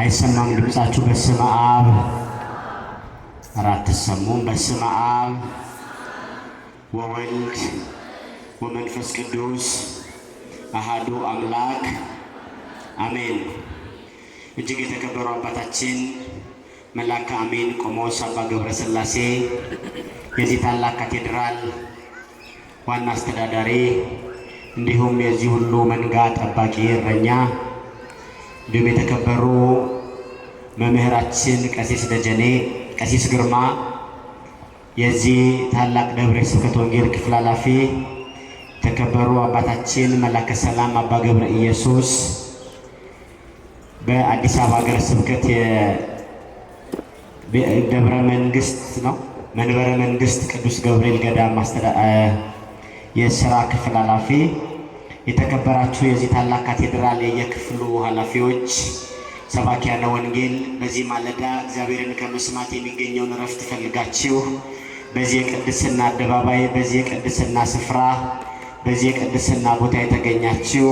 አይሰማም ድምፃችሁ። በስመ አብ አራት ሰሙም። በስመ አብ ወወልድ ወመንፈስ ቅዱስ አሃዱ አምላክ አሜን። እጅግ የተከበሩ አባታችን መላከ አሜን ቆሞስ አባ ገብረ ሥላሴ የዚህ ታላቅ ካቴድራል ዋና አስተዳዳሪ እንዲሁም የዚህ ሁሉ መንጋ ጠባቂ እረኛ እንዲሁም የተከበሩ መምህራችን ቀሲስ ደጀኔ፣ ቀሲስ ግርማ የዚህ ታላቅ ደብረ ስብከት ወንጌል ክፍል ኃላፊ፣ የተከበሩ አባታችን መላከ ሰላም አባ ገብረ ኢየሱስ በአዲስ አበባ ሀገረ ስብከት የደብረ መንግስት ነው መንበረ መንግስት ቅዱስ ገብርኤል ገዳም የስራ ክፍል ኃላፊ የተከበራችሁ የዚህ ታላቅ ካቴድራል የክፍሉ ኃላፊዎች፣ ሰባኪያነ ወንጌል በዚህ ማለዳ እግዚአብሔርን ከመስማት የሚገኘውን እረፍት ፈልጋችሁ በዚህ የቅድስና አደባባይ፣ በዚህ የቅድስና ስፍራ፣ በዚህ የቅድስና ቦታ የተገኛችሁ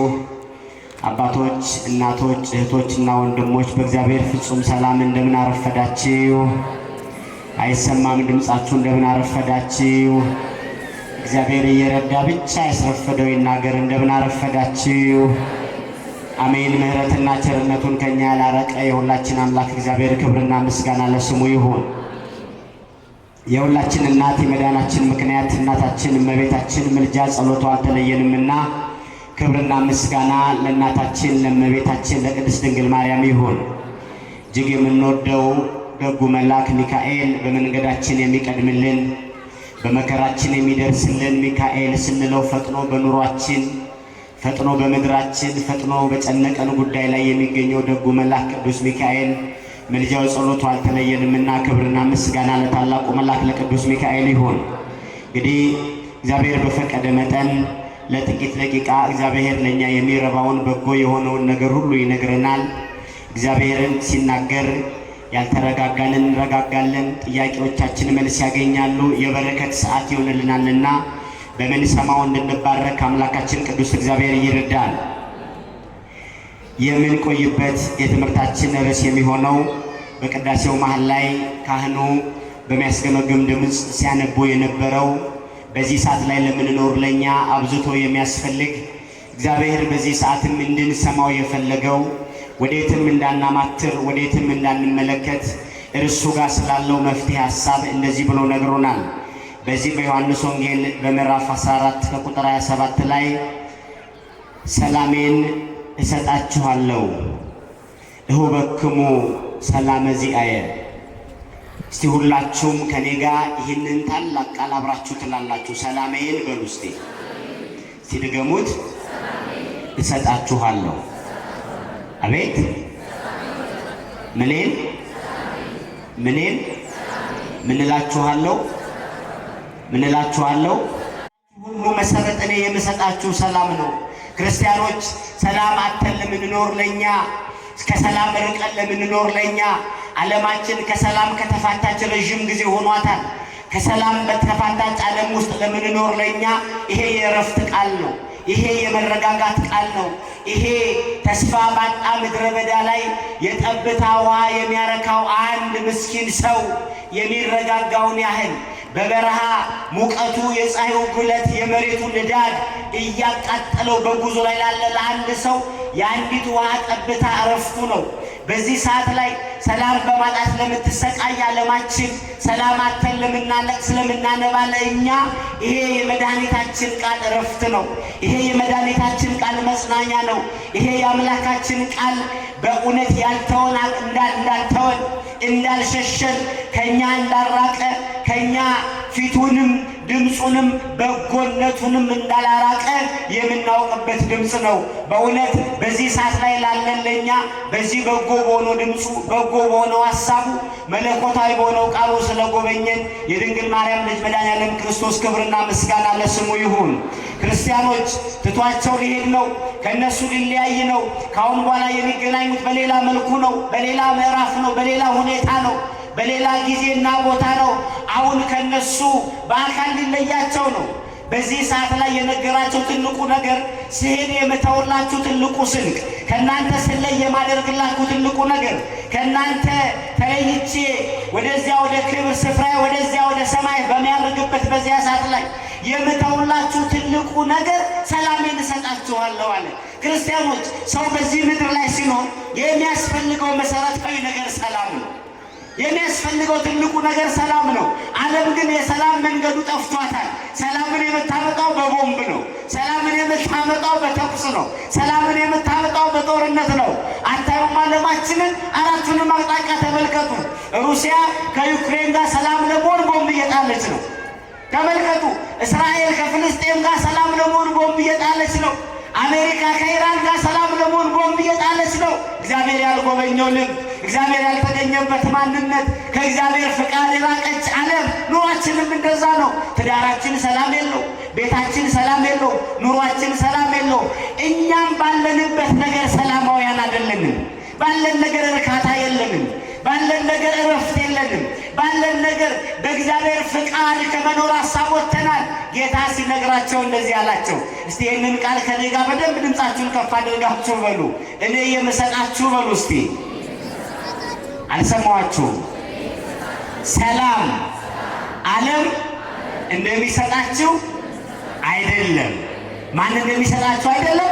አባቶች፣ እናቶች፣ እህቶችና ወንድሞች በእግዚአብሔር ፍጹም ሰላም እንደምን አረፈዳችሁ? አይሰማም ድምፃችሁ? እንደምን አረፈዳችሁ? እግዚአብሔር እየረዳ ብቻ ያስረፈደው ይናገር። እንደምን አረፈዳችሁ? አሜን። ምሕረትና ቸርነቱን ከእኛ ያላረቀ የሁላችን አምላክ እግዚአብሔር ክብርና ምስጋና ለስሙ ይሁን። የሁላችን እናት የመዳናችን ምክንያት እናታችን እመቤታችን ምልጃ ጸሎቷ አልተለየንምና ክብርና ምስጋና ለእናታችን ለእመቤታችን ለቅድስት ድንግል ማርያም ይሁን። እጅግ የምንወደው ደጉ መልአክ ሚካኤል በመንገዳችን የሚቀድምልን በመከራችን የሚደርስልን ሚካኤል ስንለው ፈጥኖ በኑሯችን ፈጥኖ በምድራችን ፈጥኖ በጨነቀን ጉዳይ ላይ የሚገኘው ደጉ መልአክ ቅዱስ ሚካኤል ምልጃው ጸሎቱ አልተለየንምና ክብርና ምስጋና ለታላቁ መልአክ ለቅዱስ ሚካኤል ይሁን። እንግዲህ እግዚአብሔር በፈቀደ መጠን ለጥቂት ደቂቃ እግዚአብሔር ለእኛ የሚረባውን በጎ የሆነውን ነገር ሁሉ ይነግረናል። እግዚአብሔርን ሲናገር ያልተረጋጋን እንረጋጋለን፣ ጥያቄዎቻችን መልስ ያገኛሉ፣ የበረከት ሰዓት ይሆንልናልና በምንሰማው እንድንባረክ አምላካችን ቅዱስ እግዚአብሔር ይርዳል። የምንቆይበት የትምህርታችን ርዕስ የሚሆነው በቅዳሴው መሀል ላይ ካህኑ በሚያስገመግም ድምፅ ሲያነቡ የነበረው በዚህ ሰዓት ላይ ለምንኖር ለእኛ አብዝቶ የሚያስፈልግ እግዚአብሔር በዚህ ሰዓትም እንድንሰማው የፈለገው ወዴትም እንዳናማትር ወዴትም እንዳንመለከት እርሱ ጋር ስላለው መፍትሄ ሐሳብ እንደዚህ ብሎ ነግሮናል። በዚህ በዮሐንስ ወንጌል በምዕራፍ 14 ከቁጥር 27 ላይ ሰላሜን እሰጣችኋለሁ እሁበክሙ ሰላመ ዚአየ። እስቲ ሁላችሁም ከኔ ጋር ይህንን ታላቅ ቃል አብራችሁ ትላላችሁ። ሰላሜን በሉ እስቲ እስቲ ድገሙት። እሰጣችኋለሁ አቤት ምኔን ምኔን ምንላችኋለሁ ምንላችኋለሁ ሁሉ መሰረት እኔ የምሰጣችሁ ሰላም ነው። ክርስቲያኖች ሰላም አተን ለምንኖር ለኛ ከሰላም ርቀን ለምንኖር ለእኛ ዓለማችን ከሰላም ከተፋታች ረዥም ጊዜ ሆኗታል። ከሰላም በተፋታች ዓለም ውስጥ ለምንኖር ለኛ ይሄ የእረፍት ቃል ነው። ይሄ የመረጋጋት ቃል ነው። ይሄ ተስፋ ባጣ ምድረ በዳ ላይ የጠብታ ውሃ የሚያረካው አንድ ምስኪን ሰው የሚረጋጋውን ያህል በበረሃ ሙቀቱ፣ የፀሐዩ ጉለት የመሬቱ ንዳድ እያቃጠለው በጉዞ ላይ ላለ ለአንድ ሰው የአንዲት ውሃ ጠብታ እረፍቱ ነው። በዚህ ሰዓት ላይ ሰላም በማጣት ለምትሰቃይ ዓለማችን፣ ሰላም አተን ለምናለቅ ስለምናነባ ለእኛ ይሄ የመድኃኒታችን ቃል እረፍት ነው። ይሄ የመድኃኒታችን ቃል መጽናኛ ነው። ይሄ የአምላካችን ቃል በእውነት ያልተወን እንዳልተወን እንዳልሸሸን ከእኛ እንዳራቀ ከእኛ ፊቱንም ድምፁንም በጎነቱንም እንዳላራቀ የምናውቅበት ድምፅ ነው። በእውነት በዚህ ሰዓት ላይ ላለን ለእኛ በዚህ በጎ በሆነ ድምፁ በጎ በጎ በሆነው ሐሳቡ መለኮታዊ በሆነው ቃሉ ስለጎበኘን የድንግል ማርያም ልጅ መድኃኔዓለም ክርስቶስ ክብርና ምስጋና ለስሙ ይሁን። ክርስቲያኖች ትቷቸው ሊሄድ ነው፣ ከእነሱ ሊለያይ ነው። ከአሁን በኋላ የሚገናኙት በሌላ መልኩ ነው፣ በሌላ ምዕራፍ ነው፣ በሌላ ሁኔታ ነው፣ በሌላ ጊዜና ቦታ ነው። አሁን ከእነሱ በአካል ሊለያቸው ነው። በዚህ ሰዓት ላይ የነገራቸው ትልቁ ነገር ስህን የምተውላችሁ ትልቁ ስንቅ፣ ከእናንተ ስለይ የማደርግላችሁ ትልቁ ነገር፣ ከእናንተ ተለይቼ ወደዚያ ወደ ክብር ስፍራ ወደዚያ ወደ ሰማይ በሚያደርግበት በዚያ ሰዓት ላይ የምተውላችሁ ትልቁ ነገር ሰላሜን እሰጣችኋለሁ አለ። ክርስቲያኖች፣ ሰው በዚህ ምድር ላይ ሲኖር የሚያስፈልገው መሰረታዊ ነገር ሰላም ነው። የሚያስፈልገው ትልቁ ነገር ሰላም ነው። ዓለም ግን የሰላም መንገዱ ጠፍቷታል። ሰላምን የምታመጣው በቦምብ ነው። ሰላምን የምታመጣው በተኩስ ነው። ሰላምን የምታመጣው በጦርነት ነው። አታዩም? ዓለማችንን አራቱንም አቅጣጫ ተመልከቱ። ሩሲያ ከዩክሬን ጋር ሰላም ለመሆን ቦምብ እየጣለች ነው። ተመልከቱ። እስራኤል ከፍልስጤም ጋር ሰላም ለመሆን ቦምብ እየጣለች ነው። አሜሪካ ከኢራን ጋር ሰላም ለመሆን ቦምብ እየጣለች ነው። እግዚአብሔር ያልጎበኘው ልብ፣ እግዚአብሔር ያልተገኘበት ማንነት፣ ከእግዚአብሔር ፍቃድ የራቀች ዓለም። ኑሯችንም እንደዛ ነው። ትዳራችን ሰላም የለው፣ ቤታችን ሰላም የለው፣ ኑሯችን ሰላም የለው። እኛም ባለንበት ነገር ሰላማውያን አይደለንም። ባለን ነገር እርካታ የለንም። ባለን ነገር እረፍት ባለን ነገር በእግዚአብሔር ፍቃድ ከመኖር ሀሳብ ወጥተናል። ጌታ ሲነግራቸው እንደዚህ አላቸው። እስቲ ይህንን ቃል ከኔ ጋር በደንብ ድምፃችሁን ከፍ አድርጋችሁ በሉ። እኔ የምሰጣችሁ በሉ እስቲ። አልሰማኋችሁም። ሰላም ዓለም እንደሚሰጣችሁ አይደለም። ማን እንደሚሰጣችሁ አይደለም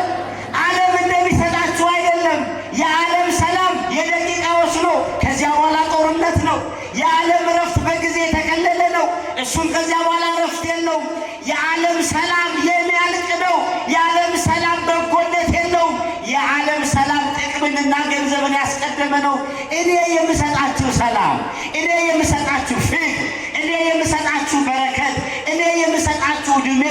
እሱም ከዚያ በኋላ ረፍቴን ነው የዓለም ሰላም የሚያልቅ ነው። የዓለም ሰላም በጎነት የለውም። የዓለም ሰላም ጥቅምንና ገንዘብን ያስቀደመ ነው። እኔ የምሰጣችሁ ሰላም፣ እኔ የምሰጣችሁ ፍቅር፣ እኔ የምሰጣችሁ በረከት፣ እኔ የምሰጣችሁ ዕድሜ፣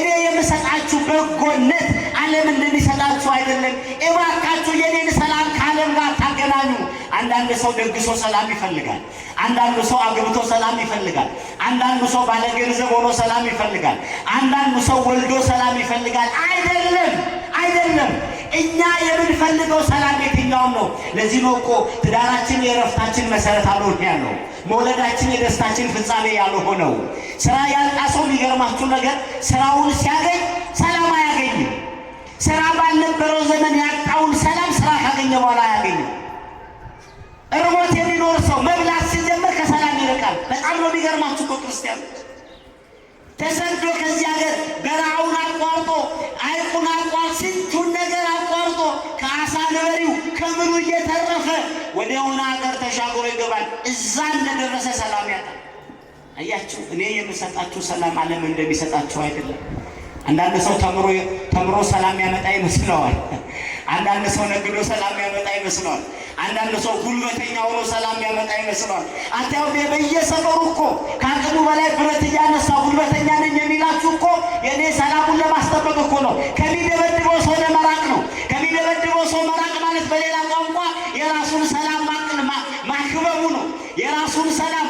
እኔ የምሰጣችሁ በጎነት ዓለም እንደሚሰጣችሁ አይደለም። እባካችሁ የኔን ሰላም ከዓለም ጋር ታገናኙ። አንዳንድ ሰው ደግሶ ሰላም ይፈልጋል። አንዳንድ ሰው አግብቶ ሰላም ይፈልጋል። አንዳንድ ሰው ባለገንዘብ ሆኖ ሰላም ይፈልጋል። አንዳንድ ሰው ወልዶ ሰላም ይፈልጋል። አይደለም አይደለም። እኛ የምንፈልገው ሰላም የትኛውም ነው። ለዚህ ነው እኮ ትዳራችን የእረፍታችን መሰረት አልሆነ ያለው መውለዳችን የደስታችን ፍጻሜ ያልሆነው። ስራ ያጣ ሰው የሚገርማችሁ ነገር ስራውን ሲያገኝ ሰላም አያገኝም። ስራ ባልነበረው ዘመን ያጣውን ሰላም ስራ ካገኘ በኋላ አያገኝም። እርቦት የሚኖር ሰው መብላት ሲጀምር ከሰላም ይርቃል። በጣም ነው የሚገርማችሁ እኮ ክርስቲያን ተሰዶ ከዚህ ሀገር በረሃውን አቋርጦ አይቁን አቋር ስንቱን ነገር አቋርጦ ከአሳ ነበሪው ከምኑ እየተረፈ ወደ የሆነ ሀገር ተሻግሮ ይገባል። እዛ እንደደረሰ ሰላም ያጣል። አያችሁ፣ እኔ የምሰጣችሁ ሰላም ዓለም እንደሚሰጣችሁ አይደለም። አንዳንድ ሰው ተምሮ ሰላም ያመጣ ይመስለዋል። አንዳንድ ሰው ነግዶ ሰላም ያመጣ ይመስለዋል። አንዳንድ ሰው ጉልበተኛ ሆኖ ሰላም ያመጣ ይመስለዋል። አታዩ በየሰፈሩ እኮ ከአቅሙ በላይ ብረት እያነሳ ጉልበተኛ ነኝ የሚላችሁ እኮ የእኔ ሰላሙን ለማስጠበቅ እኮ ነው። ከሚደበድበው ሰው ለመራቅ ነው። ከሚደበድበው ሰው መራቅ ማለት በሌላ ቋንቋ የራሱን ሰላም ማክበቡ ነው። የራሱን ሰላም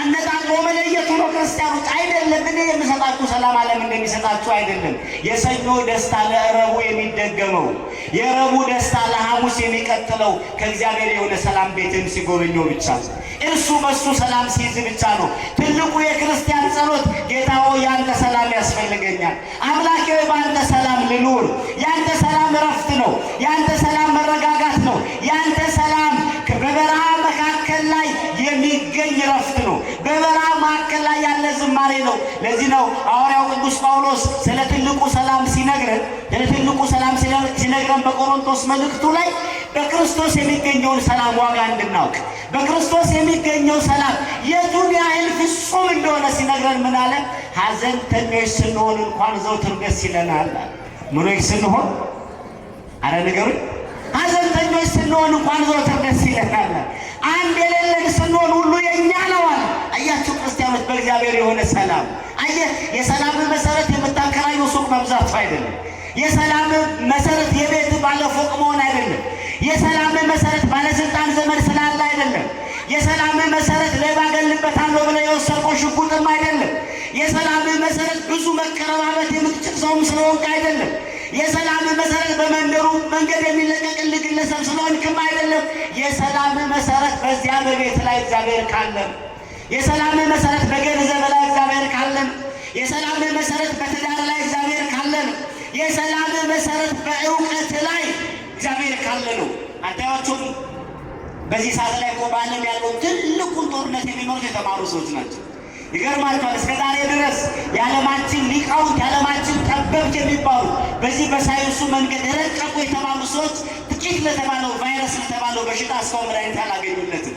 አነጣጥሮ መለየቱ ነው። ክርስቲያኖች አይደለም እኔ የምሰጣችሁ ሰላም ዓለም እንደሚሰጣችሁ አይደለም። የሰኞ ደስታ ለረቡ የሚደገመው የረቡ ደስታ ለሐሙስ የሚቀጥለው ከእግዚአብሔር የሆነ ሰላም ቤትን ሲጎበኘው ብቻ እርሱ በሱ ሰላም ሲይዝ ብቻ ነው። ትልቁ የክርስቲያን ጸሎት ጌታ ሆይ ያንተ ሰላም ያስፈልገኛል፣ አምላኬ ሆይ በአንተ ሰላም ልኑር። ያንተ ሰላም እረፍት ነው። ያንተ ሰላም መረጋጋት ነው። ያንተ ሰላም ላይ ያለ ዝማሬ ነው። ለዚህ ነው ሐዋርያው ቅዱስ ጳውሎስ ስለ ትልቁ ሰላም ሲነግረን ስለ ትልቁ ሰላም ሲነግረን በቆሮንቶስ መልእክቱ ላይ በክርስቶስ የሚገኘውን ሰላም ዋጋ እንድናውቅ በክርስቶስ የሚገኘው ሰላም የቱን ያህል ፍጹም እንደሆነ ሲነግረን ምን አለ? ሐዘንተኞች ስንሆን እንኳን ዘውትር ደስ ይለናል። ምኖች ስንሆን አረ ንገሩኝ። ሐዘንተኞች ስንሆን እንኳን ዘውትር ደስ ይለናል። አንድ የሌለን ስንሆን ሁሉ የእኛ ነው አለ አያችሁ ክርስቲያኖች፣ በእግዚአብሔር የሆነ ሰላም አየ የሰላም መሰረት የምታከራየው ሱቅ መብዛቱ አይደለም። የሰላም መሰረት የቤት ባለፎቅ መሆን አይደለም። የሰላም መሰረት ባለስልጣን ዘመድ ስላለ አይደለም። የሰላም መሰረት ሌባ እገልበታለሁ ብለህ የወሰድከው ሽጉጥም አይደለም። የሰላም መሰረት ብዙ መቀረባበት የምትችል ሰውም ስለሆንክ አይደለም። የሰላም መሰረት በመንደሩ መንገድ የሚለቀቅል ግለሰብ ስለሆንክም አይደለም። የሰላም መሰረት በዚያ በቤት ላይ እግዚአብሔር ካለም የሰላም መሰረት በገንዘብ ላይ እግዚአብሔር ካለ ነው። የሰላም መሰረት በትዳር ላይ እግዚአብሔር ካለ ነው። የሰላም መሰረት በእውቀት ላይ እግዚአብሔር ካለ ነው። አታያችሁም? በዚህ ሰዓት ላይ እኮ በዓለም ትልቁን ጦርነት የሚመሩት የተማሩ ሰዎች ናቸው። ይገርማቸዋል። እስከ ዛሬ ድረስ የዓለማችን ሊቃውንት የዓለማችን ጠበብት የሚባሉ በዚህ በሳይንሱ መንገድ ረቀቁ የተባሉ ሰዎች ጥቂት ለተባለው ቫይረስ ለተባለው በሽታ እስካሁን መድኃኒት አላገኙለትም።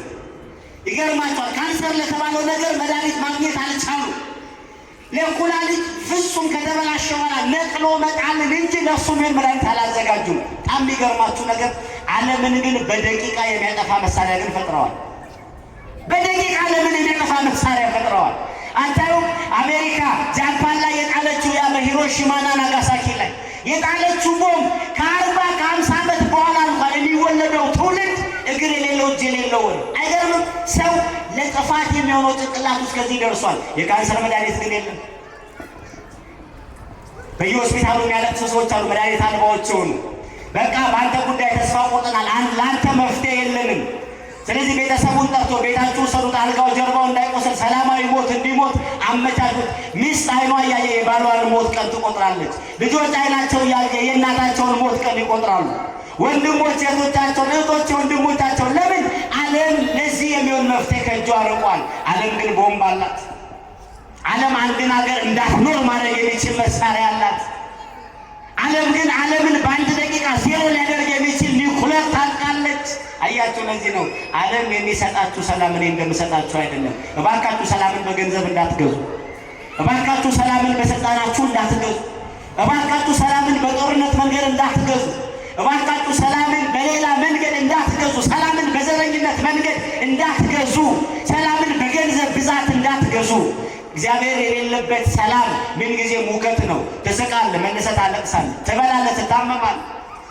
ይገርማቸዋል። ካንሰር ለተባለው ነገር መድኃኒት ማግኘት አልቻሉ። ለኩላሊት ፍጹም ከተበላሸ በኋላ ነቅሎ መጣልን እንጂ ለእሱ ምን መድኃኒት አላዘጋጁም። በጣም የሚገርማችሁ ነገር ዓለምን ግን በደቂቃ የሚያጠፋ መሳሪያ ግን ፈጥረዋል። በደቂቃ ዓለምን የሚያጠፋ መሳሪያ ፈጥረዋል። አንተውም አሜሪካ ጃፓን ላይ የጣለችው ያ በሂሮሺማና ናጋሳኪ ላይ የጣለችው ቦምብ ከአርባ ከሀምሳ ዓመት በኋላ እንኳን የሚወለደው ትውልድ እግር የሌለው እጅ የሌለው ወይ? አይገርምም? ሰው ለጥፋት የሚሆነው ጭንቅላት እስከዚህ ደርሷል። የካንሰር መድኃኒት ግን የለም። በየሆስፒታሉ የሚያለቅሱ ሰዎች አሉ፣ መድኃኒት አልባዎች የሆኑ በቃ በአንተ ጉዳይ ተስፋ ቆጥናል። ለአንተ መፍትሄ የለንም። ስለዚህ ቤተሰቡን ጠርቶ ቤታችሁ ሰሩት፣ አልጋው ጀርባው እንዳይቆሰል ሰላማዊ ሞት እንዲሞት አመቻቹት። ሚስት አይኗ እያየ የባሏን ሞት ቀን ትቆጥራለች። ልጆች አይናቸው እያየ የእናታቸውን ሞት ቀን ይቆጥራሉ። ወንድሞች እህቶቻቸውን፣ እህቶች ወንድሞቻቸውን። ለምን ዓለም ለዚህ የሚሆን መፍትሄ ከእጇ አርቋል ዓለም ግን ቦምብ አላት። ዓለም አንድን ሀገር እንዳትኖር ማድረግ የሚችል መሳሪያ አላት። ዓለም ግን ዓለምን በአንድ ደቂቃ ዜሮ ሊያደርግ የሚችል ኒውክለር ታልቃለች አያችሁ፣ ለዚህ ነው ዓለም የሚሰጣችሁ ሰላም እኔ እንደምሰጣችሁ አይደለም። እባካችሁ ሰላምን በገንዘብ እንዳትገዙ። እባካችሁ ሰላምን በስልጣናችሁ እንዳትገዙ። እባካችሁ ሰላምን በጦርነት መንገድ እንዳትገዙ። እባካችሁ ሰላምን በሌላ መንገድ እንዳትገዙ፣ ሰላምን በዘረኝነት መንገድ እንዳትገዙ፣ ሰላምን በገንዘብ ብዛት እንዳትገዙ። እግዚአብሔር የሌለበት ሰላም ምንጊዜ ሙቀት ነው። ትስቃለህ፣ መነሳት አለቅሳለህ፣ ትበላለህ፣ ትታመማለህ፣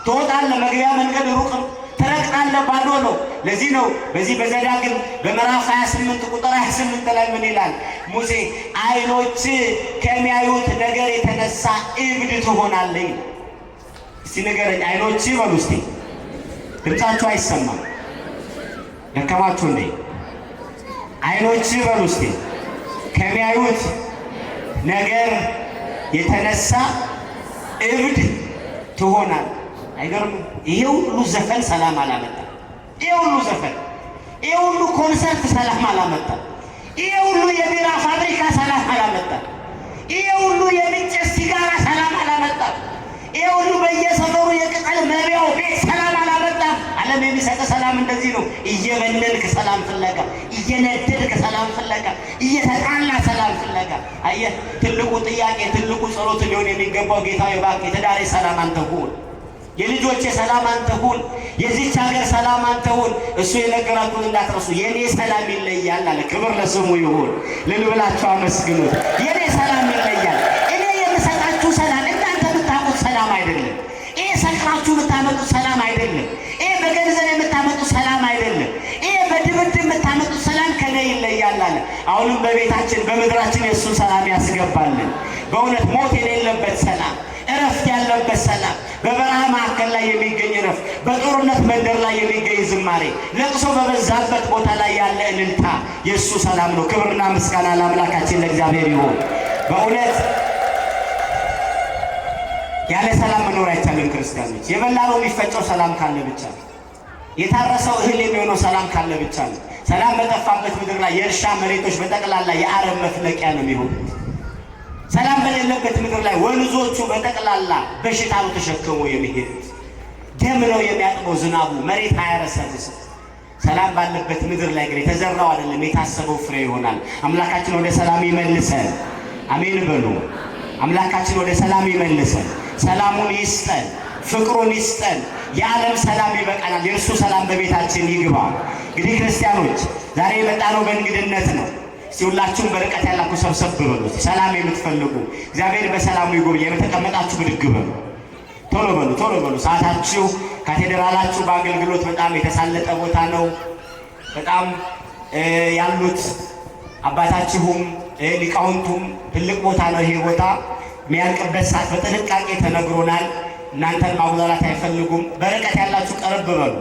ትወጣለህ፣ መግቢያ መንገድ ሩቅም ትረግጣለህ፣ ባዶ ነው። ለዚህ ነው በዚህ በዘዳግም በምዕራፍ 28 ቁጥር 28 ላይ ምን ይላል ሙሴ? አይኖች ከሚያዩት ነገር የተነሳ እብድ ትሆናለህ። እስቲ ንገረኝ። አይኖች በሉ እስቲ። ድምፃችሁ አይሰማም። ደከማችሁ እንዴ? አይኖች በሉ እስቲ። ከሚያዩት ነገር የተነሳ እብድ ትሆናል። አይገርም? ይሄ ሁሉ ዘፈን ሰላም አላመጣም። ይሄ ሁሉ ዘፈን፣ ይሄ ሁሉ ኮንሰርት ሰላም አላመጣም። ይሄ ሁሉ የቢራ ፋብሪካ ሰላም አላመጣም። ይሄ ሁሉ የምንጨት ሲጋራ ሰላም አላመጣም። ይህ ሁሉ በየሰፈሩ የቅጠል መብያው ቤት ሰላም አላመጣም ዓለም የሚሰጠ ሰላም እንደዚህ ነው። እየበነንክ ሰላም ፍለጋ፣ እየነደድክ ሰላም ፍለጋ፣ እየተጣላ ሰላም ፍለጋ። አየህ፣ ትልቁ ጥያቄ ትልቁ ጸሎት ሊሆን የሚገባው ጌታ እባክህ የትዳሬ ሰላም አንተ ሁን፣ የልጆቼ ሰላም አንተ ሁን፣ የዚች ሀገር ሰላም አንተ ሁን። እሱ የነገራችሁን እንዳትረሱ። የእኔ ሰላም ይለያል አለ። ክብር ለስሙ ይሁን። ልልብላቸው አመስግኑት። በፍቅራችሁ የምታመጡ ሰላም አይደለም። ይሄ በገንዘብ የምታመጡ ሰላም አይደለም። ይሄ በድብድብ የምታመጡ ሰላም ከነ ይለያላል። አሁንም በቤታችን በምድራችን የእሱ ሰላም ያስገባልን። በእውነት ሞት የሌለበት ሰላም፣ እረፍት ያለበት ሰላም፣ በበረሃ መካከል ላይ የሚገኝ እረፍት፣ በጦርነት መንደር ላይ የሚገኝ ዝማሬ፣ ለቅሶ በበዛበት ቦታ ላይ ያለ እልልታ የእሱ ሰላም ነው። ክብርና ምስጋና ለአምላካችን ለእግዚአብሔር ይሆን በእውነት ያለ ሰላም መኖር አይቻልም። ክርስቲያኖች የበላነው የሚፈጨው ሰላም ካለ ብቻ ነው። የታረሰው እህል የሚሆነው ሰላም ካለ ብቻ ነው። ሰላም በጠፋበት ምድር ላይ የእርሻ መሬቶች በጠቅላላ የአረም መፍለቂያ ነው የሚሆኑት። ሰላም በሌለበት ምድር ላይ ወንዞቹ በጠቅላላ በሽታ ነው ተሸክሞ የሚሄዱት። ደም ነው የሚያጥበው ዝናቡ፣ መሬት አያረሰርስ። ሰላም ባለበት ምድር ላይ ግን የተዘራው አይደለም የታሰበው ፍሬ ይሆናል። አምላካችን ወደ ሰላም ይመልሰን። አሜን በሉ። አምላካችን ወደ ሰላም ይመልሰን። ሰላሙን ይስጠን፣ ፍቅሩን ይስጠን። የዓለም ሰላም ይበቃናል። የእርሱ ሰላም በቤታችን ይግባ። እንግዲህ ክርስቲያኖች ዛሬ የመጣነው በእንግድነት ነው። ሁላችሁም በርቀት ያላችሁ ሰብሰብ በሉት። ሰላም የምትፈልጉ እግዚአብሔር በሰላሙ ይጎብ። የተቀመጣችሁ ብድግ በሉ፣ ቶሎ በሉ፣ ቶሎ በሉ። ሰዓታችሁ ካቴድራላችሁ በአገልግሎት በጣም የተሳለጠ ቦታ ነው። በጣም ያሉት አባታችሁም ሊቃውንቱም ትልቅ ቦታ ነው ይሄ ቦታ። የሚያልቅበት ሰዓት በጥንቃቄ ተነግሮናል። እናንተን ማጉላላት አይፈልጉም። በርቀት ያላችሁ ቀረብ በሉ።